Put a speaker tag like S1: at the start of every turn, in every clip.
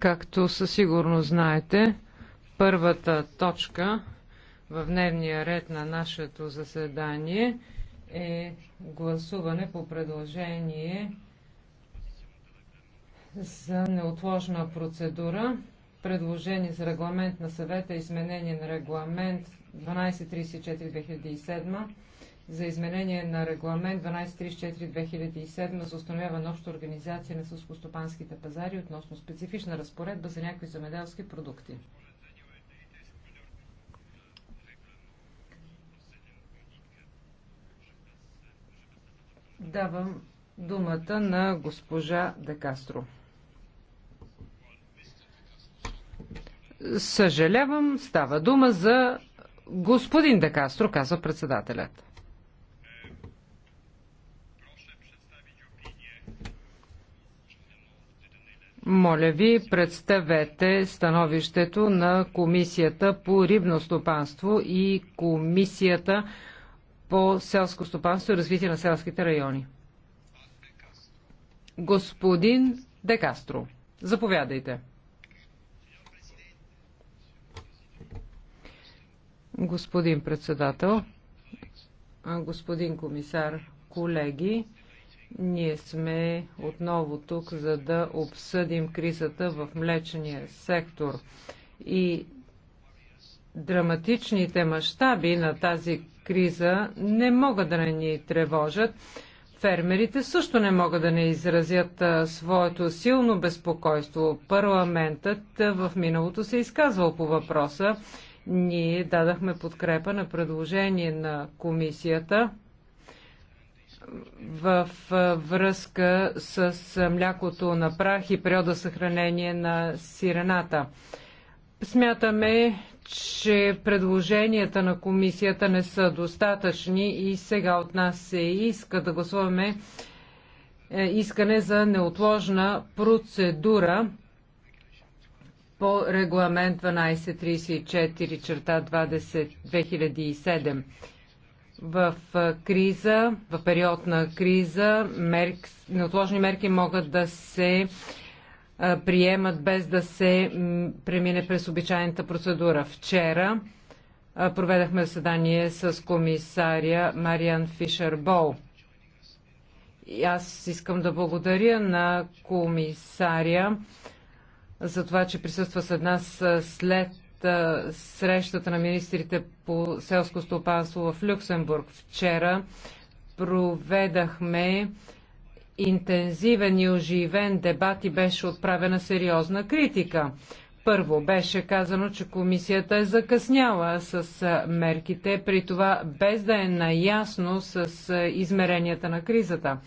S1: Както със сигурност знаете, първата точка в дневния ред на нашето заседание е гласуване по предложение за неотложна процедура. Предложение за регламент на съвета, изменение на регламент 1234-2007 за изменение на регламент 1234-2007 за установяване на обща организация на сълскостопанските пазари относно специфична разпоредба за някои земеделски продукти. Давам думата на госпожа Декастро. Съжалявам, става дума за господин Декастро, казва председателят. Моля ви, представете становището на Комисията по рибно стопанство и Комисията по селско стопанство и развитие на селските райони. Господин Декастро, заповядайте. Господин председател, господин комисар, колеги, ние сме отново тук, за да обсъдим кризата в млечния сектор и драматичните мащаби на тази криза не могат да не ни тревожат. Фермерите също не могат да не изразят своето силно безпокойство. Парламентът в миналото се изказвал по въпроса. Ние дадахме подкрепа на предложение на комисията в връзка с млякото на прах и периода съхранение на сирената. Смятаме, че предложенията на комисията не са достатъчни и сега от нас се иска да гласуваме е, искане за неотложна процедура по регламент 1234 черта 20, 2007 в криза, в период на криза, мерк, неотложни мерки могат да се приемат без да се премине през обичайната процедура. Вчера проведахме заседание с комисаря Мариан Фишер Бол. И аз искам да благодаря на комисаря за това, че присъства с нас след срещата на министрите по селско стопанство в Люксембург. Вчера проведахме интензивен и оживен дебат и беше отправена сериозна критика. Първо беше казано, че комисията е закъсняла с мерките, при това без да е наясно с измеренията на кризата.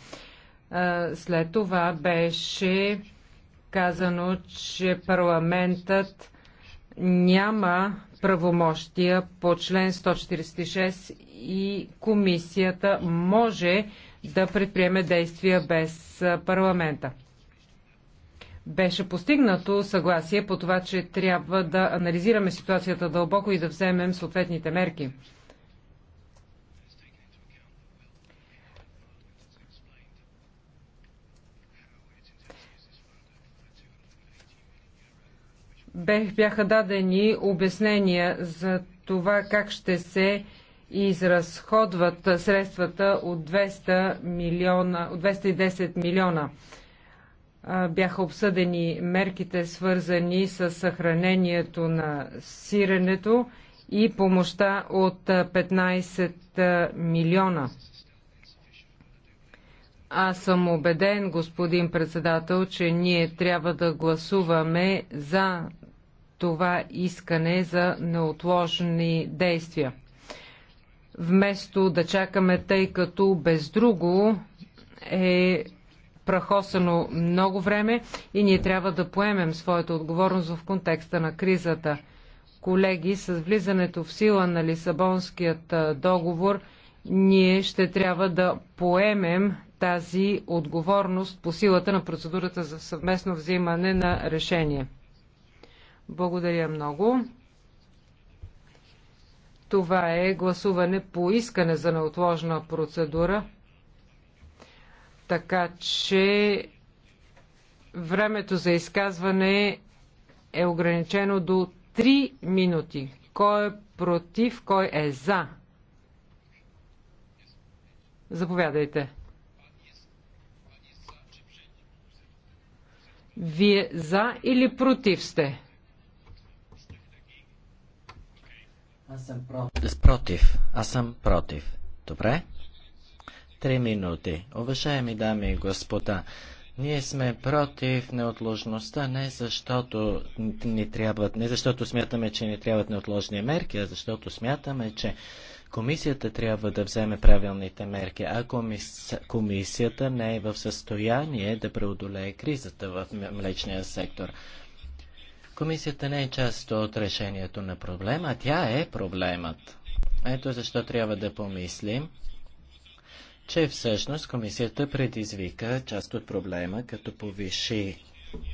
S1: След това беше казано, че парламентът няма правомощия по член 146 и комисията може да предприеме действия без парламента. Беше постигнато съгласие по това, че трябва да анализираме ситуацията дълбоко и да вземем съответните мерки. бяха дадени обяснения за това как ще се изразходват средствата от 200 милиона, от 210 милиона. Бяха обсъдени мерките, свързани с съхранението на сиренето и помощта от 15 милиона. Аз съм убеден, господин председател, че ние трябва да гласуваме за това искане за неотложни действия. Вместо да чакаме, тъй като без друго е прахосано много време и ние трябва да поемем своята отговорност в контекста на кризата. Колеги, с влизането в сила на Лисабонският договор, ние ще трябва да поемем тази отговорност по силата на процедурата за съвместно взимане на решение. Благодаря много. Това е гласуване по искане за неотложна процедура. Така че времето за изказване е ограничено до 3 минути. Кой е против, кой е за? Заповядайте. Вие за или против сте?
S2: Аз съм против. Аз съм против. Добре? Три минути. Уважаеми дами и господа, ние сме против неотложността не защото ни трябват, не защото смятаме, че ни трябват неотложни мерки, а защото смятаме, че комисията трябва да вземе правилните мерки, а комисията не е в състояние да преодолее кризата в млечния сектор. Комисията не е част от решението на проблема, тя е проблемът. Ето защо трябва да помислим, че всъщност комисията предизвика част от проблема, като повиши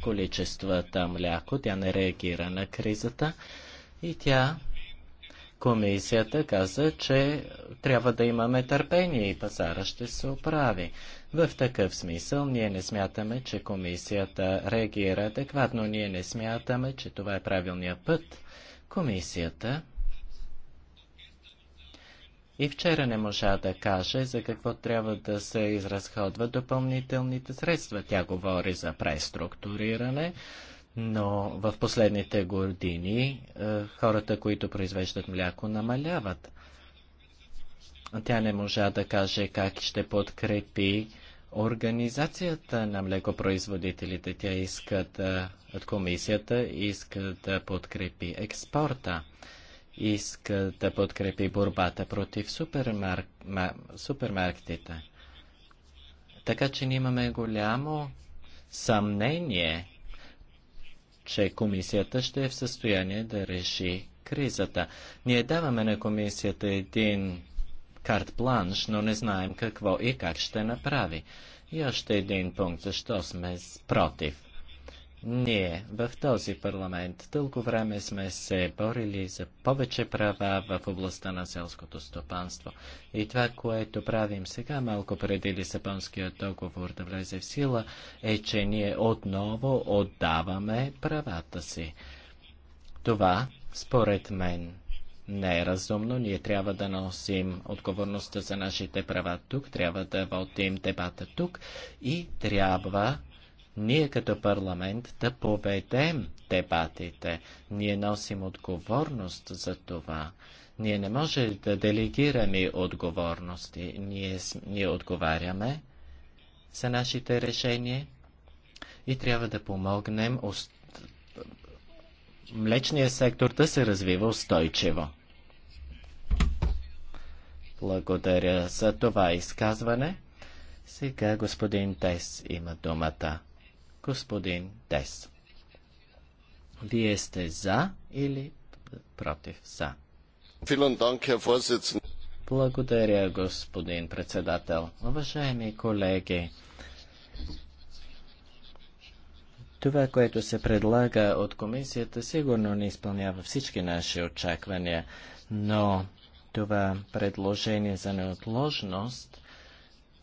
S2: количествата мляко, тя не реагира на кризата и тя Комисията каза, че трябва да имаме търпение и пазара ще се оправи. В такъв смисъл ние не смятаме, че комисията реагира адекватно. Ние не смятаме, че това е правилният път. Комисията и вчера не можа да каже за какво трябва да се изразходват допълнителните средства. Тя говори за преструктуриране, но в последните години е, хората, които произвеждат мляко, намаляват. Тя не можа да каже как ще подкрепи Организацията на млекопроизводителите, тя иска да, от комисията иска да подкрепи експорта, иска да подкрепи борбата против супермарк, ма, супермаркетите. Така че ние имаме голямо съмнение, че комисията ще е в състояние да реши кризата. Ние даваме на комисията един карт планш, но не знаем какво и как ще направи. И още един пункт, защо сме против. Ние в този парламент дълго време сме се борили за повече права в областта на селското стопанство. И това, което правим сега, малко преди Лисабонския договор да влезе в сила, е, че ние отново отдаваме правата си. Това, според мен, не е разумно. Ние трябва да носим отговорността за нашите права тук, трябва да водим дебата тук и трябва ние като парламент да поведем дебатите. Ние носим отговорност за това. Ние не може да делегираме отговорности. Ние, ние отговаряме за нашите решения и трябва да помогнем млечния сектор да се развива устойчиво. Благодаря за това изказване. Сега господин Тес има думата. Господин Тес. Вие сте за или против за? Благодаря, господин председател. Уважаеми колеги, това, което се предлага от комисията, сигурно не изпълнява всички наши очаквания, но това предложение за неотложност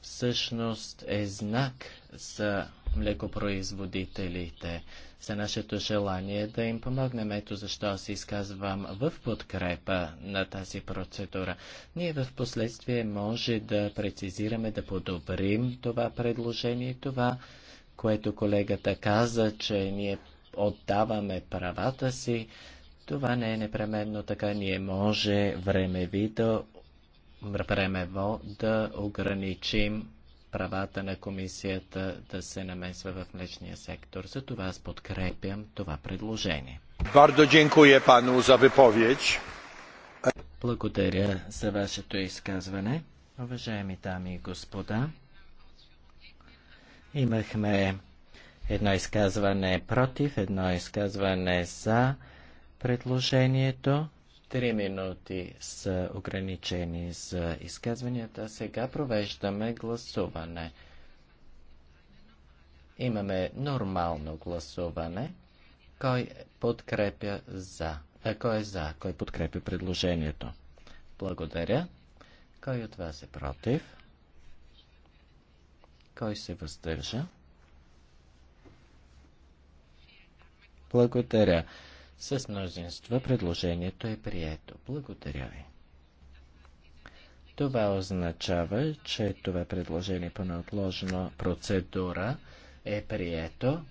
S2: всъщност е знак за млекопроизводителите, за нашето желание да им помогнем. Ето защо аз изказвам в подкрепа на тази процедура. Ние в последствие може да прецизираме, да подобрим това предложение, това, което колегата каза, че ние отдаваме правата си това не е непременно така. Ние може времеви да, времево да ограничим правата на комисията да се намесва в млечния сектор. За това аз подкрепям това предложение. Бардо dziękuję пану за wypowiedź. Благодаря за вашето изказване. Уважаеми дами и господа, имахме едно изказване против, едно изказване за предложението. Три минути са ограничени за изказванията. Сега провеждаме гласуване. Имаме нормално гласуване. Кой подкрепя за? А е, кой е за? Кой подкрепя предложението? Благодаря. Кой от вас е против? Кой се въздържа? Благодаря. С мнозинство предложението е прието. Благодаря ви. Това означава, че това предложение по неотложна процедура е прието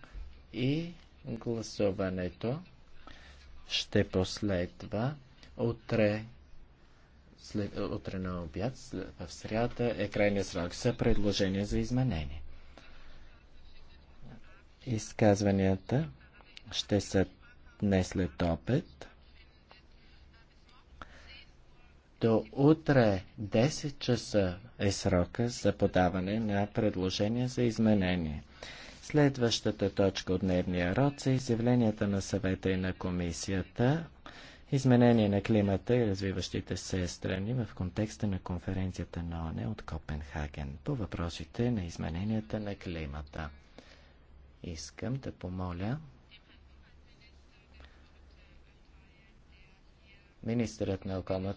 S2: и гласуването ще последва утре, след, утре на обяд, в сряда е крайния срок за предложение за изменение. Изказванията ще са днес след обед. До утре 10 часа е срока за подаване на предложения за изменение. Следващата точка от дневния род са изявленията на съвета и на комисията изменение на климата и развиващите се страни в контекста на конференцията на ОНЕ от Копенхаген по въпросите на измененията на климата. Искам да помоля Министърът на околната